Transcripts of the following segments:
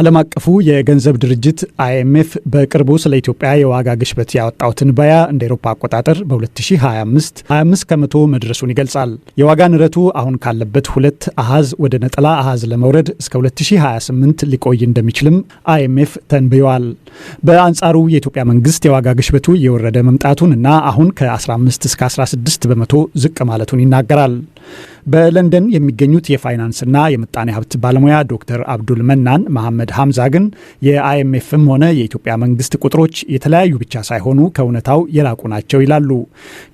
ዓለም አቀፉ የገንዘብ ድርጅት አይኤምኤፍ በቅርቡ ስለ ኢትዮጵያ የዋጋ ግሽበት ያወጣው ትንበያ እንደ ኤሮፓ አቆጣጠር በ2025 25 ከመቶ መድረሱን ይገልጻል። የዋጋ ንረቱ አሁን ካለበት ሁለት አሃዝ ወደ ነጠላ አሃዝ ለመውረድ እስከ 2028 ሊቆይ እንደሚችልም አይኤምኤፍ ተንብየዋል። በአንጻሩ የኢትዮጵያ መንግስት የዋጋ ግሽበቱ እየወረደ መምጣቱን እና አሁን ከ15 እስከ 16 በመቶ ዝቅ ማለቱን ይናገራል። በለንደን የሚገኙት የፋይናንስና የምጣኔ ሀብት ባለሙያ ዶክተር አብዱል መናን መሐመድ ሀምዛ ግን የአይኤምኤፍም ሆነ የኢትዮጵያ መንግስት ቁጥሮች የተለያዩ ብቻ ሳይሆኑ ከእውነታው የላቁ ናቸው ይላሉ።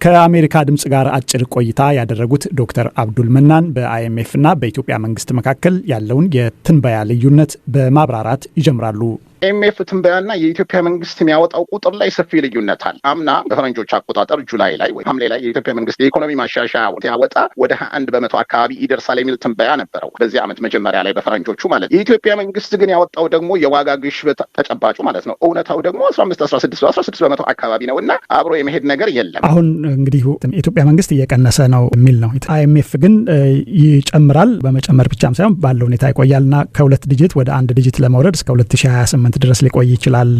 ከአሜሪካ ድምጽ ጋር አጭር ቆይታ ያደረጉት ዶክተር አብዱል መናን በአይኤምኤፍና በኢትዮጵያ መንግስት መካከል ያለውን የትንበያ ልዩነት በማብራራት ይጀምራሉ። ኤምኤፍ ትንበያና የኢትዮጵያ መንግስት የሚያወጣው ቁጥር ላይ ሰፊ ልዩነት አለ። አምና በፈረንጆች አቆጣጠር ጁላይ ላይ ወይ ሐምሌ ላይ የኢትዮጵያ መንግስት የኢኮኖሚ ማሻሻያ ያወጣ ወደ ሀያ አንድ በመቶ አካባቢ ይደርሳል የሚል ትንበያ ነበረው በዚህ ዓመት መጀመሪያ ላይ በፈረንጆቹ ማለት ነው። የኢትዮጵያ መንግስት ግን ያወጣው ደግሞ የዋጋ ግሽበት ተጨባጩ ማለት ነው እውነታው ደግሞ አስራ አምስት አስራ ስድስት አስራ ስድስት በመቶ አካባቢ ነው እና አብሮ የመሄድ ነገር የለም። አሁን እንግዲህ የኢትዮጵያ መንግስት እየቀነሰ ነው የሚል ነው። አይኤምኤፍ ግን ይጨምራል። በመጨመር ብቻም ሳይሆን ባለው ሁኔታ ይቆያልና ከሁለት ዲጂት ወደ አንድ ዲጂት ለመውረድ እስከ 2028 ሳምንት ድረስ ሊቆይ ይችላል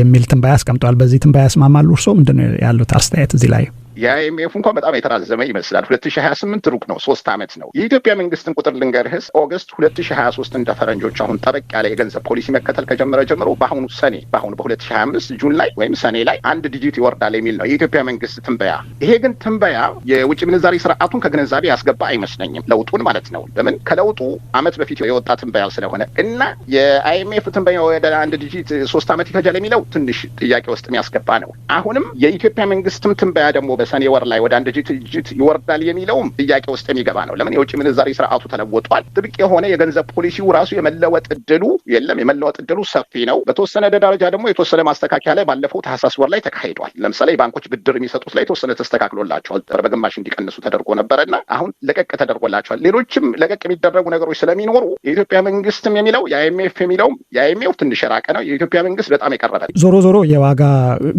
የሚል ትንበያ አስቀምጠዋል። በዚህ ትንበያ ያስማማሉ? እርስዎ ምንድን ነው ያሉት አስተያየት እዚህ ላይ? የአይኤምኤፍ እንኳን በጣም የተራዘመ ይመስላል። ሁለት ሺ ሀያ ስምንት ሩቅ ነው፣ ሶስት ዓመት ነው። የኢትዮጵያ መንግስትን ቁጥር ልንገርህስ ኦገስት ሁለት ሺ ሀያ ሶስት እንደ ፈረንጆች አሁን ጠበቅ ያለ የገንዘብ ፖሊሲ መከተል ከጀመረ ጀምሮ በአሁኑ ሰኔ በአሁኑ በሁለት ሺ ሀያ አምስት ጁን ላይ ወይም ሰኔ ላይ አንድ ዲጂት ይወርዳል የሚል ነው የኢትዮጵያ መንግስት ትንበያ። ይሄ ግን ትንበያ የውጭ ምንዛሪ ስርዓቱን ከግንዛቤ ያስገባ አይመስለኝም፣ ለውጡን ማለት ነው። ለምን ከለውጡ አመት በፊት የወጣ ትንበያ ስለሆነ እና የአይኤምኤፍ ትንበያ ወደ አንድ ዲጂት ሶስት ዓመት ይፈጃል የሚለው ትንሽ ጥያቄ ውስጥ የሚያስገባ ነው። አሁንም የኢትዮጵያ መንግስትም ትንበያ ደግሞ ሰኔ ወር ላይ ወደ አንድ ጅት ይወርዳል የሚለውም ጥያቄ ውስጥ የሚገባ ነው። ለምን የውጭ ምንዛሪ ስርዓቱ ተለውጧል። ጥብቅ የሆነ የገንዘብ ፖሊሲው ራሱ የመለወጥ እድሉ የለም። የመለወጥ እድሉ ሰፊ ነው። በተወሰነ ደረጃ ደግሞ የተወሰነ ማስተካከያ ላይ ባለፈው ታህሳስ ወር ላይ ተካሂዷል። ለምሳሌ ባንኮች ብድር የሚሰጡት ላይ የተወሰነ ተስተካክሎላቸዋል። በግማሽ እንዲቀንሱ ተደርጎ ነበረና አሁን ለቀቅ ተደርጎላቸዋል። ሌሎችም ለቀቅ የሚደረጉ ነገሮች ስለሚኖሩ የኢትዮጵያ መንግስትም የሚለው የአይኤምኤፍ የሚለውም የአይኤምኤፍ ትንሽ የራቀ ነው። የኢትዮጵያ መንግስት በጣም የቀረበ ዞሮ ዞሮ የዋጋ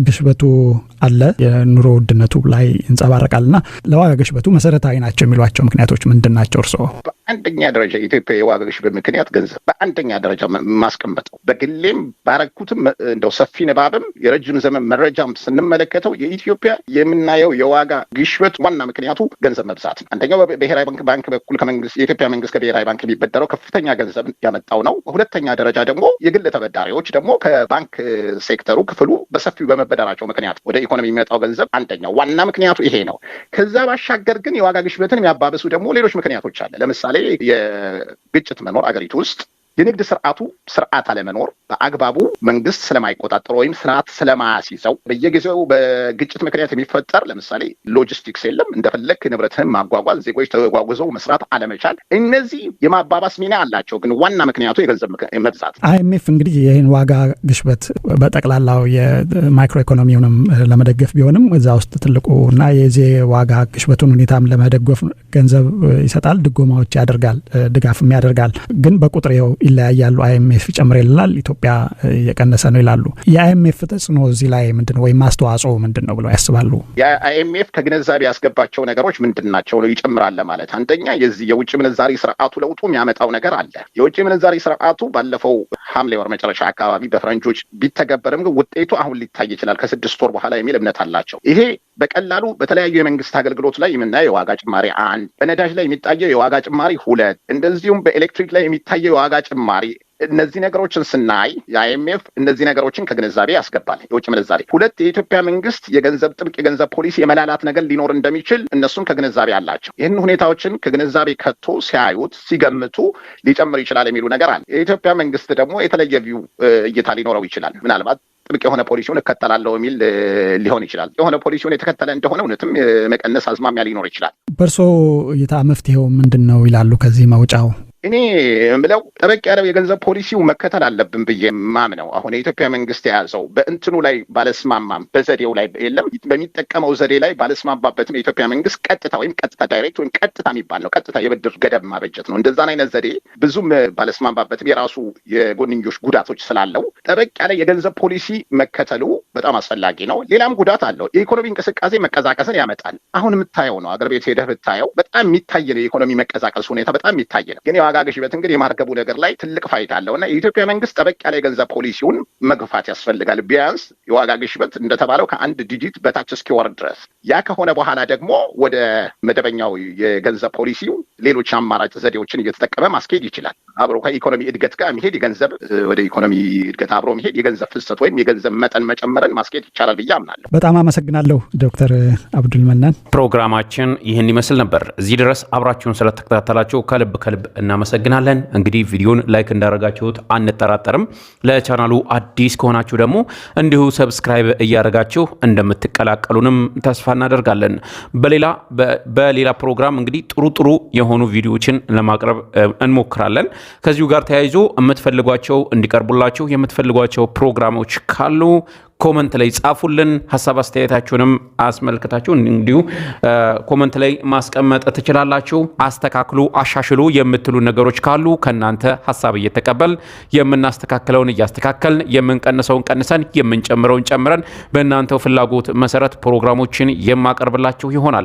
ግሽበቱ አለ የኑሮ ውድነቱ ላይ ላይ ይንጸባረቃል ለዋጋ ግሽበቱ መሰረታዊ ናቸው የሚሏቸው ምክንያቶች ምንድን ናቸው? እርስዎ በአንደኛ ደረጃ ኢትዮጵያ የዋጋ ግሽበት ምክንያት ገንዘብ በአንደኛ ደረጃ ማስቀመጠው በግሌም ባረግኩትም እንደው ሰፊ ንባብም የረጅም ዘመን መረጃም ስንመለከተው የኢትዮጵያ የምናየው የዋጋ ግሽበት ዋና ምክንያቱ ገንዘብ መብዛት ነው። አንደኛው ብሔራዊ ባንክ ባንክ በኩል ከመንግስት የኢትዮጵያ መንግስት ከብሔራዊ ባንክ የሚበደረው ከፍተኛ ገንዘብ ያመጣው ነው። በሁለተኛ ደረጃ ደግሞ የግል ተበዳሪዎች ደግሞ ከባንክ ሴክተሩ ክፍሉ በሰፊው በመበደራቸው ምክንያት ወደ ኢኮኖሚ የሚመጣው ገንዘብ አንደኛው ዋና ዋና ምክንያቱ ይሄ ነው። ከዛ ባሻገር ግን የዋጋ ግሽበትን የሚያባብሱ ደግሞ ሌሎች ምክንያቶች አለ። ለምሳሌ የግጭት መኖር አገሪቱ ውስጥ የንግድ ስርዓቱ ስርዓት አለመኖር በአግባቡ መንግስት ስለማይቆጣጠር ወይም ስርዓት ስለማያስይዘው በየጊዜው በግጭት ምክንያት የሚፈጠር ለምሳሌ ሎጂስቲክስ የለም፣ እንደፈለግ ንብረትህን ማጓጓዝ፣ ዜጎች ተጓጉዘው መስራት አለመቻል፣ እነዚህ የማባባስ ሚና አላቸው። ግን ዋና ምክንያቱ የገንዘብ መብዛት። አይኤምኤፍ እንግዲህ ይህን ዋጋ ግሽበት በጠቅላላው የማይክሮ ኢኮኖሚውንም ለመደገፍ ቢሆንም እዛ ውስጥ ትልቁ እና የዚህ ዋጋ ግሽበቱን ሁኔታም ለመደገፍ ገንዘብ ይሰጣል፣ ድጎማዎች ያደርጋል፣ ድጋፍም ያደርጋል። ግን በቁጥር ው ይለያያሉ። አይኤምኤፍ ይጨምርልናል፣ ኢትዮጵያ የቀነሰ ነው ይላሉ። የአይኤምኤፍ ተጽዕኖ እዚህ ላይ ምንድን ነው ወይም አስተዋጽኦ ምንድን ነው ብለው ያስባሉ? የአይኤምኤፍ ከግንዛቤ ያስገባቸው ነገሮች ምንድን ናቸው? ይጨምራል ማለት አንደኛ የዚህ የውጭ ምንዛሪ ስርዓቱ ለውጡ የሚያመጣው ነገር አለ። የውጭ ምንዛሪ ስርዓቱ ባለፈው ሐምሌ ወር መጨረሻ አካባቢ በፈረንጆች ቢተገበርም ግን ውጤቱ አሁን ሊታይ ይችላል ከስድስት ወር በኋላ የሚል እምነት አላቸው። ይሄ በቀላሉ በተለያዩ የመንግስት አገልግሎት ላይ የምናየው የዋጋ ጭማሪ አንድ፣ በነዳጅ ላይ የሚታየው የዋጋ ጭማሪ ሁለት፣ እንደዚሁም በኤሌክትሪክ ላይ የሚታየው የዋጋ ጭማሪ እነዚህ ነገሮችን ስናይ የአይኤምኤፍ እነዚህ ነገሮችን ከግንዛቤ ያስገባል። የውጭ ምንዛሬ ሁለት የኢትዮጵያ መንግስት የገንዘብ ጥብቅ የገንዘብ ፖሊሲ የመላላት ነገር ሊኖር እንደሚችል እነሱም ከግንዛቤ አላቸው። ይህን ሁኔታዎችን ከግንዛቤ ከቶ ሲያዩት ሲገምቱ ሊጨምር ይችላል የሚሉ ነገር አለ። የኢትዮጵያ መንግስት ደግሞ የተለየ ቪው እይታ ሊኖረው ይችላል። ምናልባት ጥብቅ የሆነ ፖሊሲውን እከተላለሁ የሚል ሊሆን ይችላል። የሆነ ፖሊሲውን የተከተለ እንደሆነ እውነትም መቀነስ አዝማሚያ ሊኖር ይችላል። በእርሶ እይታ መፍትሄው ምንድን ነው ይላሉ? ከዚህ መውጫው እኔ ብለው ጠበቅ ያለው የገንዘብ ፖሊሲው መከተል አለብን ብዬ ማምነው አሁን የኢትዮጵያ መንግስት የያዘው በእንትኑ ላይ ባለስማማም በዘዴው ላይ የለም በሚጠቀመው ዘዴ ላይ ባለስማማበትም የኢትዮጵያ መንግስት ቀጥታ ወይም ቀጥታ ዳይሬክት ወይም ቀጥታ የሚባል ነው ቀጥታ የብድር ገደብ ማበጀት ነው። እንደዛን አይነት ዘዴ ብዙም ባለስማማበትም የራሱ የጎንኞች ጉዳቶች ስላለው ጠበቅ ያለ የገንዘብ ፖሊሲ መከተሉ በጣም አስፈላጊ ነው። ሌላም ጉዳት አለው። የኢኮኖሚ እንቅስቃሴ መቀዛቀስን ያመጣል። አሁን የምታየው ነው። አገር ቤት ሄደህ ብታየው በጣም የሚታይ የኢኮኖሚ መቀዛቀስ ሁኔታ በጣም የሚታይ ነው ግን የዋጋ ግሽበት እንግዲህ የማርከቡ ነገር ላይ ትልቅ ፋይዳ አለው እና የኢትዮጵያ መንግስት ጠበቅ ያለ የገንዘብ ፖሊሲውን መግፋት ያስፈልጋል። ቢያንስ የዋጋ ግሽበት እንደተባለው ከአንድ ዲጂት በታች እስኪወርድ ድረስ። ያ ከሆነ በኋላ ደግሞ ወደ መደበኛው የገንዘብ ፖሊሲው ሌሎች አማራጭ ዘዴዎችን እየተጠቀመ ማስኬድ ይችላል። አብሮ ከኢኮኖሚ እድገት ጋር መሄድ የገንዘብ ወደ ኢኮኖሚ እድገት አብሮ መሄድ የገንዘብ ፍሰት ወይም የገንዘብ መጠን መጨመርን ማስኬድ ይቻላል ብዬ አምናለሁ። በጣም አመሰግናለሁ ዶክተር አብዱል መናን። ፕሮግራማችን ይህን ይመስል ነበር። እዚህ ድረስ አብራችሁን ስለተከታተላችሁ ከልብ ከልብ እናመሰግናለን። እንግዲህ ቪዲዮን ላይክ እንዳደረጋችሁት አንጠራጠርም። ለቻናሉ አዲስ ከሆናችሁ ደግሞ እንዲሁ ሰብስክራይብ እያደረጋችሁ እንደምትቀላቀሉንም ተስፋ እናደርጋለን። በሌላ በሌላ ፕሮግራም እንግዲህ ጥሩ ጥሩ የሆኑ ቪዲዮዎችን ለማቅረብ እንሞክራለን። ከዚሁ ጋር ተያይዞ የምትፈልጓቸው እንዲቀርቡላቸው የምትፈልጓቸው ፕሮግራሞች ካሉ ኮመንት ላይ ጻፉልን። ሀሳብ አስተያየታችሁንም አስመልክታችሁ እንዲሁ ኮመንት ላይ ማስቀመጥ ትችላላችሁ። አስተካክሉ፣ አሻሽሉ የምትሉ ነገሮች ካሉ ከእናንተ ሀሳብ እየተቀበል የምናስተካክለውን እያስተካከልን የምንቀንሰውን ቀንሰን የምንጨምረውን ጨምረን በእናንተው ፍላጎት መሰረት ፕሮግራሞችን የማቀርብላችሁ ይሆናል።